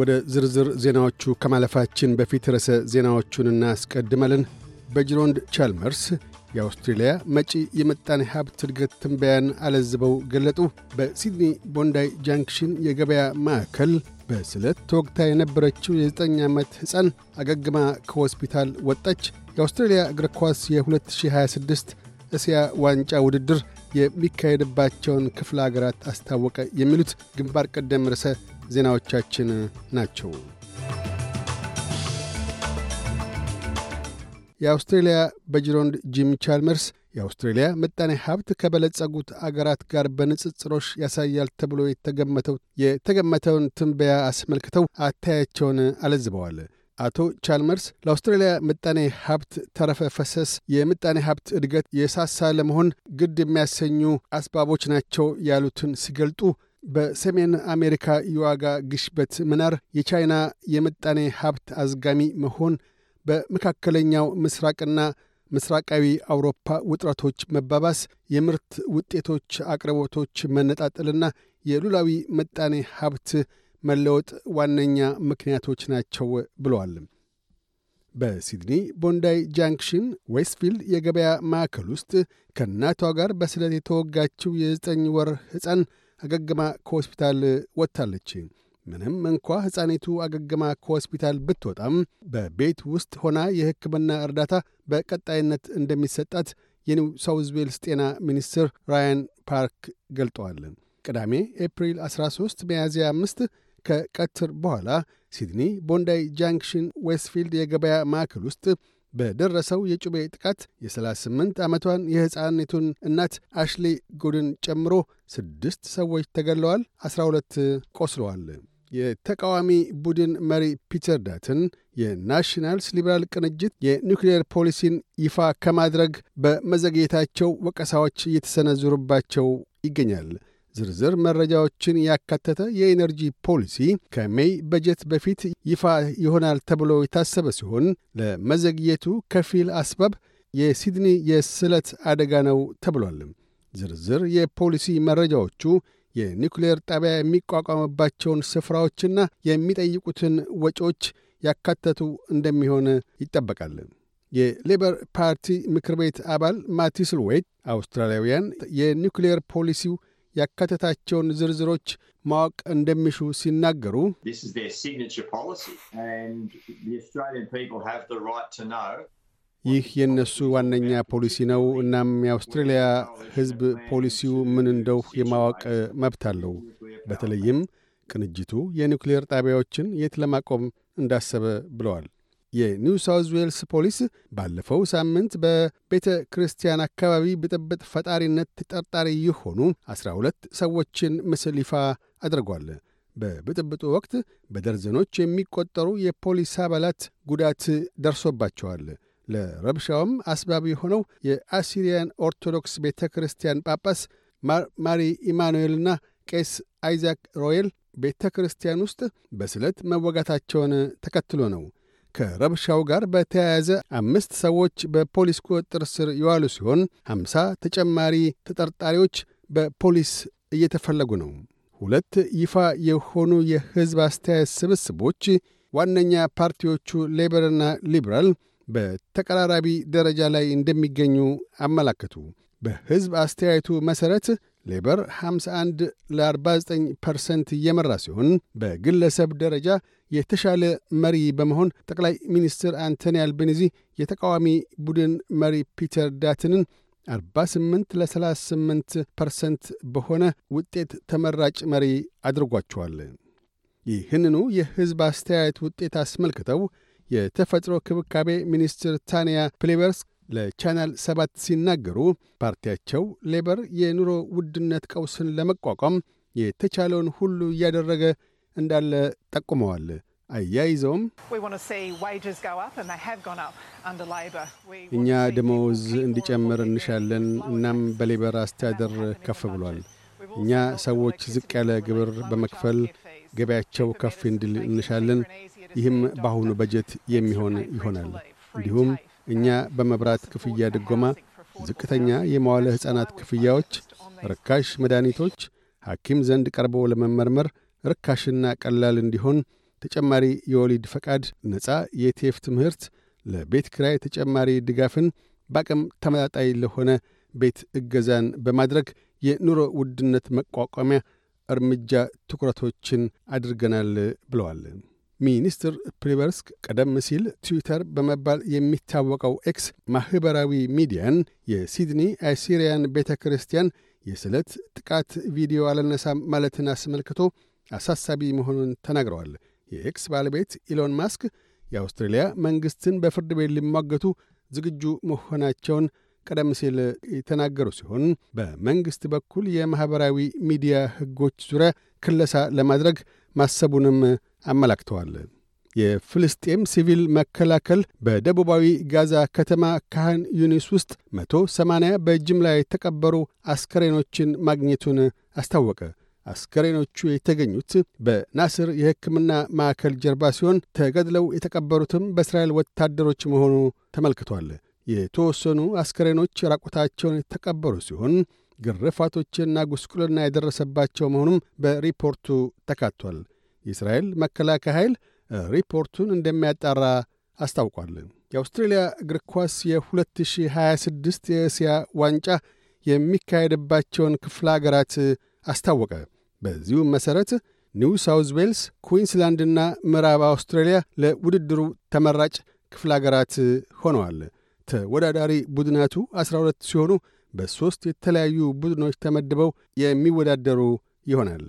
ወደ ዝርዝር ዜናዎቹ ከማለፋችን በፊት ርዕሰ ዜናዎቹን እናስቀድመልን በጅሮንድ ቻልመርስ የአውስትሬልያ መጪ የምጣኔ ሀብት እድገት ትንበያን አለዝበው ገለጡ። በሲድኒ ቦንዳይ ጃንክሽን የገበያ ማዕከል በስለት ተወግታ የነበረችው የ9 ዓመት ሕፃን አገግማ ከሆስፒታል ወጣች። የአውስትሬልያ እግር ኳስ የ2026 እስያ ዋንጫ ውድድር የሚካሄድባቸውን ክፍለ አገራት አስታወቀ። የሚሉት ግንባር ቀደም ርዕሰ ዜናዎቻችን ናቸው። የአውስትሬልያ በጅሮንድ ጂም ቻልመርስ የአውስትሬልያ ምጣኔ ሀብት ከበለጸጉት አገራት ጋር በንጽጽሮች ያሳያል ተብሎ የተገመተው የተገመተውን ትንበያ አስመልክተው አታያቸውን አለዝበዋል። አቶ ቻልመርስ ለአውስትሬልያ ምጣኔ ሀብት ተረፈ ፈሰስ የምጣኔ ሀብት እድገት የሳሳ ለመሆን ግድ የሚያሰኙ አስባቦች ናቸው ያሉትን ሲገልጡ በሰሜን አሜሪካ የዋጋ ግሽበት መናር፣ የቻይና የምጣኔ ሀብት አዝጋሚ መሆን፣ በመካከለኛው ምስራቅና ምስራቃዊ አውሮፓ ውጥረቶች መባባስ፣ የምርት ውጤቶች አቅርቦቶች መነጣጠልና የሉላዊ ምጣኔ ሀብት መለወጥ ዋነኛ ምክንያቶች ናቸው ብለዋል። በሲድኒ ቦንዳይ ጃንክሽን ዌስትፊልድ የገበያ ማዕከል ውስጥ ከእናቷ ጋር በስለት የተወጋችው የዘጠኝ ወር ሕፃን አገግማ ከሆስፒታል ወጥታለች። ምንም እንኳ ሕፃኒቱ አገግማ ከሆስፒታል ብትወጣም በቤት ውስጥ ሆና የሕክምና እርዳታ በቀጣይነት እንደሚሰጣት የኒው ሳውዝ ዌልስ ጤና ሚኒስትር ራያን ፓርክ ገልጠዋል። ቅዳሜ ኤፕሪል 13 ሚያዝያ 5 ከቀትር በኋላ ሲድኒ ቦንዳይ ጃንክሽን ዌስትፊልድ የገበያ ማዕከል ውስጥ በደረሰው የጩቤ ጥቃት የ38 ዓመቷን የሕፃኒቱን እናት አሽሊ ጉድን ጨምሮ ስድስት ሰዎች ተገለዋል 12 ቆስለዋል። የተቃዋሚ ቡድን መሪ ፒተር ዳትን የናሽናልስ ሊበራል ቅንጅት የኒውክሌር ፖሊሲን ይፋ ከማድረግ በመዘግየታቸው ወቀሳዎች እየተሰነዘሩባቸው ይገኛል። ዝርዝር መረጃዎችን ያካተተ የኤነርጂ ፖሊሲ ከሜይ በጀት በፊት ይፋ ይሆናል ተብሎ የታሰበ ሲሆን ለመዘግየቱ ከፊል አስባብ የሲድኒ የስለት አደጋ ነው ተብሏል። ዝርዝር የፖሊሲ መረጃዎቹ የኒውክሌር ጣቢያ የሚቋቋምባቸውን ስፍራዎችና የሚጠይቁትን ወጪዎች ያካተቱ እንደሚሆን ይጠበቃል። የሌበር ፓርቲ ምክር ቤት አባል ማቲስል ዌይት አውስትራሊያውያን የኒውክሌር ፖሊሲው ያካተታቸውን ዝርዝሮች ማወቅ እንደሚሹ ሲናገሩ ይህ የእነሱ ዋነኛ ፖሊሲ ነው። እናም የአውስትሬልያ ሕዝብ ፖሊሲው ምን እንደው የማወቅ መብት አለው። በተለይም ቅንጅቱ የኒውክሌር ጣቢያዎችን የት ለማቆም እንዳሰበ ብለዋል። የኒው ሳውዝ ዌልስ ፖሊስ ባለፈው ሳምንት በቤተ ክርስቲያን አካባቢ ብጥብጥ ፈጣሪነት ተጠርጣሪ የሆኑ 12 ሰዎችን ምስል ይፋ አድርጓል። በብጥብጡ ወቅት በደርዘኖች የሚቆጠሩ የፖሊስ አባላት ጉዳት ደርሶባቸዋል። ለረብሻውም አስባብ የሆነው የአሲሪያን ኦርቶዶክስ ቤተ ክርስቲያን ጳጳስ ማሪ ኢማኑኤልና ቄስ አይዛክ ሮየል ቤተ ክርስቲያን ውስጥ በስለት መወጋታቸውን ተከትሎ ነው። ከረብሻው ጋር በተያያዘ አምስት ሰዎች በፖሊስ ቁጥጥር ስር የዋሉ ሲሆን ሐምሳ ተጨማሪ ተጠርጣሪዎች በፖሊስ እየተፈለጉ ነው። ሁለት ይፋ የሆኑ የሕዝብ አስተያየት ስብስቦች ዋነኛ ፓርቲዎቹ ሌበርና ሊበራል በተቀራራቢ ደረጃ ላይ እንደሚገኙ አመላከቱ። በሕዝብ አስተያየቱ መሠረት ሌበር 51 ለ49 ፐርሰንት እየመራ ሲሆን በግለሰብ ደረጃ የተሻለ መሪ በመሆን ጠቅላይ ሚኒስትር አንቶኒ አልቤኒዚ የተቃዋሚ ቡድን መሪ ፒተር ዳትንን 48 ለ38 ፐርሰንት በሆነ ውጤት ተመራጭ መሪ አድርጓቸዋል። ይህንኑ የሕዝብ አስተያየት ውጤት አስመልክተው የተፈጥሮ ክብካቤ ሚኒስትር ታንያ ፕሌበርስ ለቻናል ሰባት ሲናገሩ ፓርቲያቸው ሌበር የኑሮ ውድነት ቀውስን ለመቋቋም የተቻለውን ሁሉ እያደረገ እንዳለ ጠቁመዋል። አያይዘውም እኛ ደመወዝ እንዲጨምር እንሻለን። እናም በሌበር አስተዳደር ከፍ ብሏል። እኛ ሰዎች ዝቅ ያለ ግብር በመክፈል ገበያቸው ከፍ እንዲል እንሻለን። ይህም በአሁኑ በጀት የሚሆን ይሆናል። እንዲሁም እኛ በመብራት ክፍያ ድጎማ፣ ዝቅተኛ የመዋለ ሕፃናት ክፍያዎች፣ ርካሽ መድኃኒቶች፣ ሐኪም ዘንድ ቀርቦ ለመመርመር ርካሽና ቀላል እንዲሆን ተጨማሪ የወሊድ ፈቃድ፣ ነፃ የቴፍ ትምህርት፣ ለቤት ክራይ ተጨማሪ ድጋፍን፣ በአቅም ተመጣጣይ ለሆነ ቤት እገዛን በማድረግ የኑሮ ውድነት መቋቋሚያ እርምጃ ትኩረቶችን አድርገናል ብለዋል። ሚኒስትር ፕሪበርስክ ቀደም ሲል ትዊተር በመባል የሚታወቀው ኤክስ ማኅበራዊ ሚዲያን የሲድኒ አሲሪያን ቤተ ክርስቲያን የስለት ጥቃት ቪዲዮ አልነሳም ማለትን አስመልክቶ አሳሳቢ መሆኑን ተናግረዋል። የኤክስ ባለቤት ኢሎን ማስክ የአውስትሬልያ መንግሥትን በፍርድ ቤት ሊሟገቱ ዝግጁ መሆናቸውን ቀደም ሲል የተናገሩ ሲሆን በመንግሥት በኩል የማኅበራዊ ሚዲያ ሕጎች ዙሪያ ክለሳ ለማድረግ ማሰቡንም አመላክተዋል። የፍልስጤም ሲቪል መከላከል በደቡባዊ ጋዛ ከተማ ካህን ዩኒስ ውስጥ መቶ 180 በጅምላ የተቀበሩ አስከሬኖችን ማግኘቱን አስታወቀ። አስከሬኖቹ የተገኙት በናስር የሕክምና ማዕከል ጀርባ ሲሆን ተገድለው የተቀበሩትም በእስራኤል ወታደሮች መሆኑ ተመልክቷል። የተወሰኑ አስከሬኖች ራቆታቸውን የተቀበሩ ሲሆን ግርፋቶችና ጉስቁልና የደረሰባቸው መሆኑም በሪፖርቱ ተካቷል። የእስራኤል መከላከያ ኃይል ሪፖርቱን እንደሚያጣራ አስታውቋል። የአውስትሬልያ እግር ኳስ የ2026 የእስያ ዋንጫ የሚካሄድባቸውን ክፍለ አገራት አስታወቀ። በዚሁም መሠረት ኒው ሳውዝ ዌልስ፣ ኩዊንስላንድና ምዕራብ አውስትራሊያ ለውድድሩ ተመራጭ ክፍለ አገራት ሆነዋል። ተወዳዳሪ ቡድናቱ 12 ሲሆኑ በሦስት የተለያዩ ቡድኖች ተመድበው የሚወዳደሩ ይሆናል።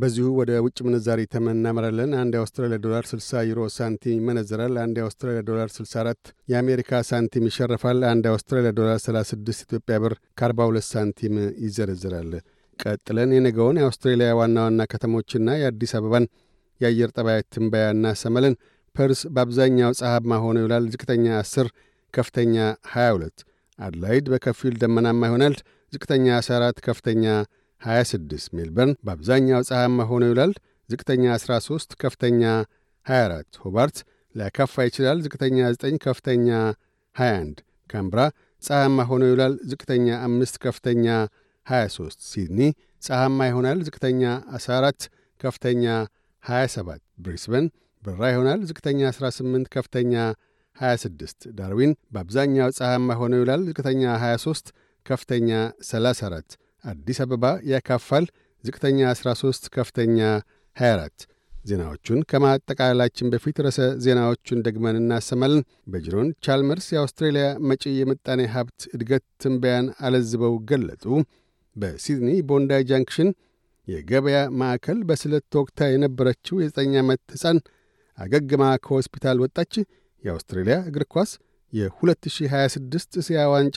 በዚሁ ወደ ውጭ ምንዛሪ ተመን እናመራለን። አንድ የአውስትራሊያ ዶላር 60 ዩሮ ሳንቲም ይመነዘራል። አንድ የአውስትራሊያ ዶላር 64 የአሜሪካ ሳንቲም ይሸርፋል። አንድ የአውስትራሊያ ዶላር 36 ኢትዮጵያ ብር ከ42 ሳንቲም ይዘረዝራል። ቀጥለን የነገውን የአውስትሬሊያ ዋና ዋና ከተሞችና የአዲስ አበባን የአየር ጠባይ ትንበያ እናሰማለን። ፐርስ በአብዛኛው ፀሐያማ ሆኖ ይውላል። ዝቅተኛ 10፣ ከፍተኛ 22። አድላይድ በከፊል ደመናማ ይሆናል። ዝቅተኛ 14፣ ከፍተኛ 26 ሜልበርን በአብዛኛው ፀሐያማ ሆኖ ይውላል። ዝቅተኛ 13 ከፍተኛ 24 ሆባርት ሊያካፋ ይችላል። ዝቅተኛ 9 ከፍተኛ 21 ካምብራ ፀሐያማ ሆኖ ይውላል። ዝቅተኛ 5 ከፍተኛ 23 ሲድኒ ፀሐያማ ይሆናል። ዝቅተኛ 14 ከፍተኛ 27 ብሪስበን ብራ ይሆናል። ዝቅተኛ 18 ከፍተኛ 26 ዳርዊን በአብዛኛው ፀሐያማ ሆኖ ይውላል። ዝቅተኛ 23 ከፍተኛ 34 አዲስ አበባ ያካፋል። ዝቅተኛ 13፣ ከፍተኛ 24። ዜናዎቹን ከማጠቃላላችን በፊት ርዕሰ ዜናዎቹን ደግመን እናሰማለን። በጅሮን ቻልመርስ የአውስትሬልያ መጪ የምጣኔ ሀብት እድገት ትንበያን አለዝበው ገለጡ። በሲድኒ ቦንዳይ ጃንክሽን የገበያ ማዕከል በስለት ተወግታ የነበረችው የ9 ዓመት ሕፃን አገግማ ከሆስፒታል ወጣች። የአውስትሬልያ እግር ኳስ የ2026 እስያ ዋንጫ